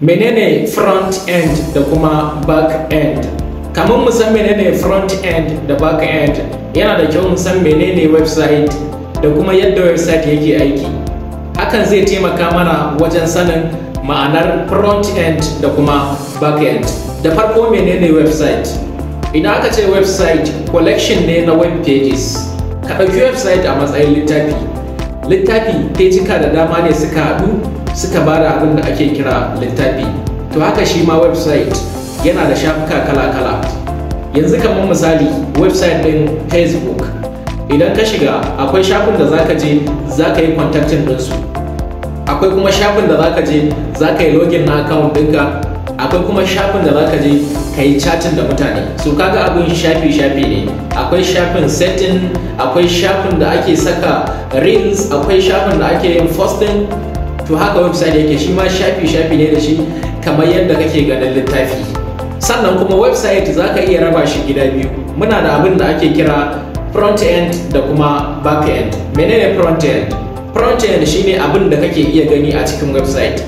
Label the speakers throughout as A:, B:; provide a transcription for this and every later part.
A: menene front end da kuma back end kamar mu san menene front end da back end yana da kyau mu san menene website da kuma yadda website yake aiki hakan zai taimaka mana wajen sanin ma'anar front end da kuma back end da farko menene website idan aka ce website collection ne na web pages ka ɗauki website a matsayin littafi littafi pejika da dama ne suka haɗu suka bada abin da ake kira littafi to haka shi ma website yana da shafuka kala-kala yanzu kamar misali website ɗin facebook idan ka shiga akwai shafin da zaka je zaka yi contacting su. akwai kuma shafin da zaka je zaka yi login na account ɗinka akwai kuma shafin da zaka je ka yi chatting da mutane so kaga abin shafi-shafi ne akwai shafin setting akwai shafin da ake saka reels akwai shafin da ake yin posting to haka website yake shi ma shafi shafi ne da shi kamar yadda kake ganin littafi sannan kuma website za ka iya raba shi gida biyu muna da abin da ake kira front end da kuma back end menene front end front end shine abin da kake iya gani a cikin website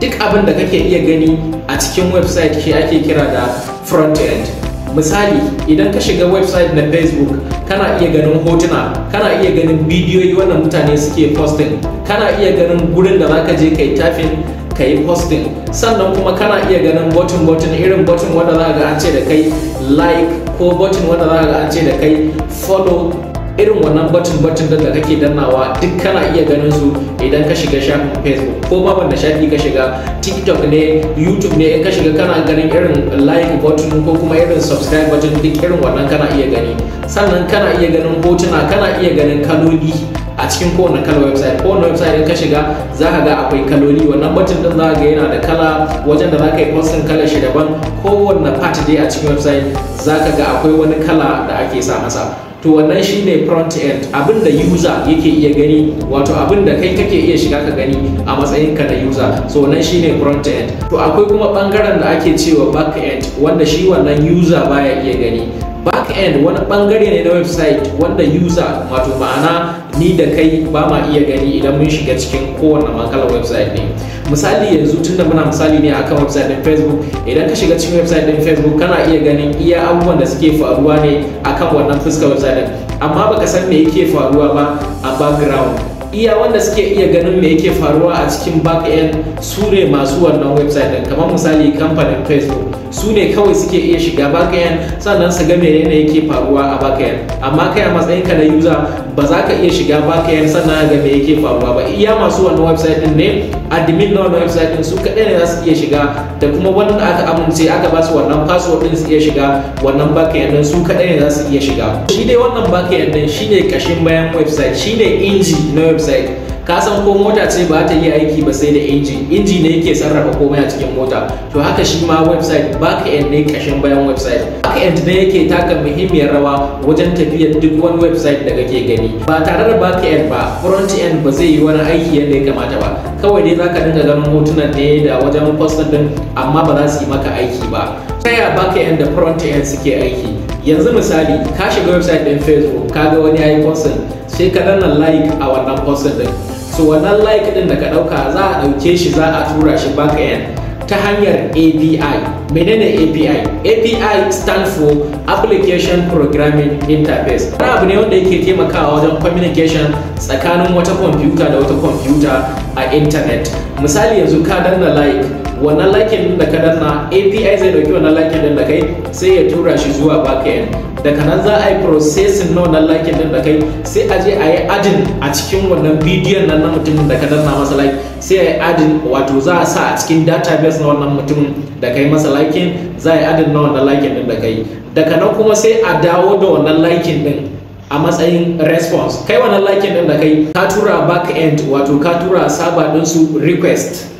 A: duk abin da kake iya gani a cikin website ke ake kira da front end misali idan ka shiga website na facebook kana iya ganin hotuna kana iya ganin bidiyoyi wanda mutane suke posting kana iya ganin gurin da zaka je kai tafin ka posting sannan kuma kana iya ganin button button irin button wanda za ga an ce da kai like ko button wanda za ga an ce da kai follow irin wannan batun batun da kake dannawa duk kana iya ganin su idan ka shiga shafin facebook ko ma wanda shafi ka shiga tiktok ne youtube ne in ka shiga kana ganin irin like button ko kuma irin subscribe button duk irin wannan kana iya gani sannan kana iya ganin hotuna kana iya ganin kaloli a cikin kowane kalar website kowane website ka shiga za ka ga akwai kaloli wannan batun din za ka ga yana da kala wajen da za ka yi posting kalar shi daban kowanne part dai a cikin website za ka ga akwai wani kala da ake sa masa to wannan shi ne front end abin da user yake iya gani wato abin da kai kake iya shiga ka gani a matsayin ka na user so wannan shi ne front end to akwai kuma bangaren da ake cewa back end wanda shi wannan user baya iya gani end wani bangare ne na website wanda user wato ma'ana ni da kai ba ma iya gani idan mun shiga cikin kowane makalar website ne misali yanzu tun da muna misali ne akan website din facebook idan ka shiga cikin website din facebook kana iya ganin iya abubuwan da suke faruwa ne akan wannan fuskar website din amma baka san me yake faruwa ba a background iya wanda suke iya ganin me yake faruwa a cikin back-end su ne masu wannan website din kamar misali kamfanin facebook su ne kawai suke iya shiga back-end sannan su ga menene yake faruwa a back-end amma kai a matsayin ka na user ba za ka iya shiga back-end sannan ga me yake faruwa ba iya masu wannan website din ne admin na wannan website din su kadai ne za su iya shiga da kuma wanda aka amince aka ba su wannan password din su iya shiga wannan back-end din su kadai ne za su iya shiga shi dai wannan back-end din shine kashin bayan website shine inji na website ka san ko mota ce ba ta yi aiki ba sai da inji inji ne yake sarrafa komai a cikin mota to haka shi ma website back end ne kashin bayan website back end ne yake taka muhimmiyar rawa wajen tafiyar duk wani website da ke gani ba tare da back end ba front end ba zai yi wani aiki yadda ya kamata ba kawai dai zaka dinga ganin hotunan ne da wajen postin din amma ba za su yi maka aiki ba ta ya baka yanda front end suke aiki yanzu misali ka shiga website din facebook ka ga wani yayi posting sai ka danna like a wannan posting din so wannan like din da ka dauka za a dauke shi za a tura shi baka end ta hanyar API. Menene API? API stand for Application Programming Interface. Wani abu ne wanda yake taimakawa wajen communication tsakanin wata kwamfuta da wata kwamfuta a internet. Misali yanzu ka danna like wannan lakin da ka danna api zai dauki wannan lakin din da kai sai ya tura shi zuwa backend daga nan za a yi processing na wannan lakin din da kai sai a je a yi adin a cikin wannan bidiyon nan na mutumin da ka danna masa like sai a yi adin wato za a sa a cikin database na wannan mutumin da kai masa lakin za a yi adin na wannan lakin din da kai daga nan kuma sai a dawo da wannan lakin din a matsayin response kai wannan lakin din da kai ka tura back end wato ka tura saba din su request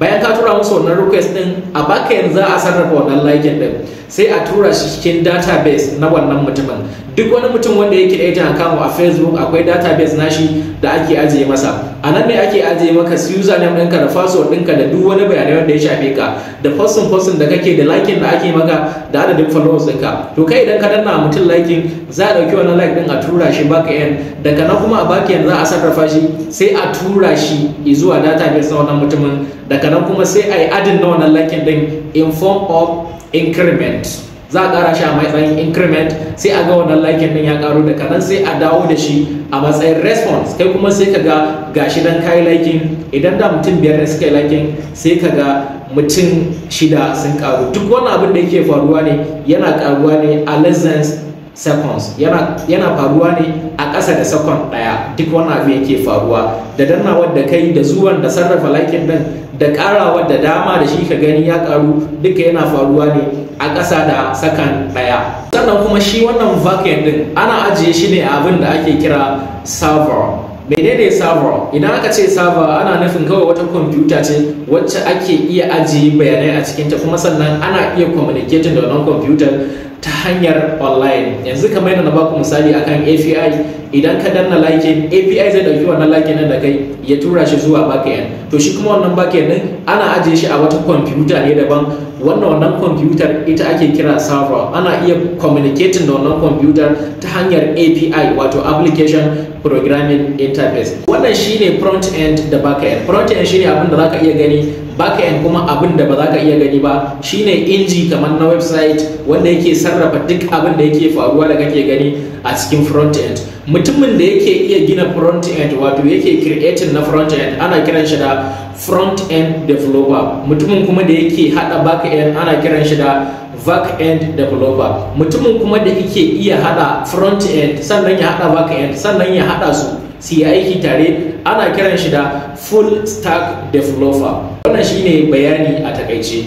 A: bayan ka tura musu wannan request din a baka yanzu za a sarrafa wannan like din sai a tura shi cikin database na wannan mutumin duk wani mutum wanda yake da ita account a facebook akwai database nashi da ake ajiye masa a nan ne ake ajiye maka username ɗinka da password ɗinka da duk wani bayanai wanda ya shafe ka da fasin fasin da kake da likin da ake maka da adadin followers ɗinka to kai idan ka danna mutum lakin za a ɗauki wani like ɗin a tura shi baka yan daga nan kuma a baki yan za a sarrafa shi sai a tura shi zuwa database na wannan mutumin daga nan kuma sai a yi adin na wannan lakin ɗin in form of increment za a ƙara shi a matsayin increment sai a ga wannan likin din ya ƙaru da kanan sai a dawo da shi a matsayin response kai kuma sai ka ga gashi dan kayi likin idan da mutum biyar ne suka yi likin sai ka ga mutum shida sun ƙaru duk wani abin da yake faruwa ne yana ƙaruwa ne a lessons seconds yana, faruwa ne a ƙasa da sakon ɗaya duk wani abu yake faruwa da dannawar da kai da zuwan da sarrafa laikin ɗin da ƙarawar da dama da shi ka gani ya ƙaru duka yana faruwa ne a ƙasa da sakan ɗaya sannan kuma shi wannan vacuum din ana ajiye shi ne a abin da ake kira server menene server idan aka ce server ana nufin kawai wata kwamfuta ce wacce ake iya ajiye bayanai a cikinta kuma sannan ana iya communicating da wannan kwamfutar ta hanyar online yanzu kamar yadda na baku misali akan API idan ka danna like API zai dauki wannan like nan da kai ya tura shi zuwa backend to shi kuma wannan backend din ana ajiye shi a wata computer ne daban wannan wannan computer ita ake kira server ana iya communicating da wannan computer ta hanyar API wato application programming interface wannan shine front end da back end front end shine abin da zaka iya gani back end kuma abin da ba za ka iya gani ba shine inji kamar na website wanda yake sarrafa duk abin da yake faruwa da kake gani a cikin front end mutumin da yake iya gina front end wato yake creating na front end ana kiran shi da front end developer mutumin kuma da yake hada back end ana kiran shi da back end developer mutumin kuma da yake iya hada front end sannan ya hada back end sannan ya hada su su yi aiki tare ana kiran shi da full stack developer wannan shine bayani a takaice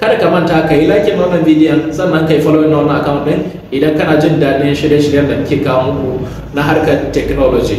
A: kada ka manta ka yi like wannan bidiyon sannan ka yi follow na wannan account din idan kana jin daɗin shirye-shiryen da muke kawo muku na harkar technology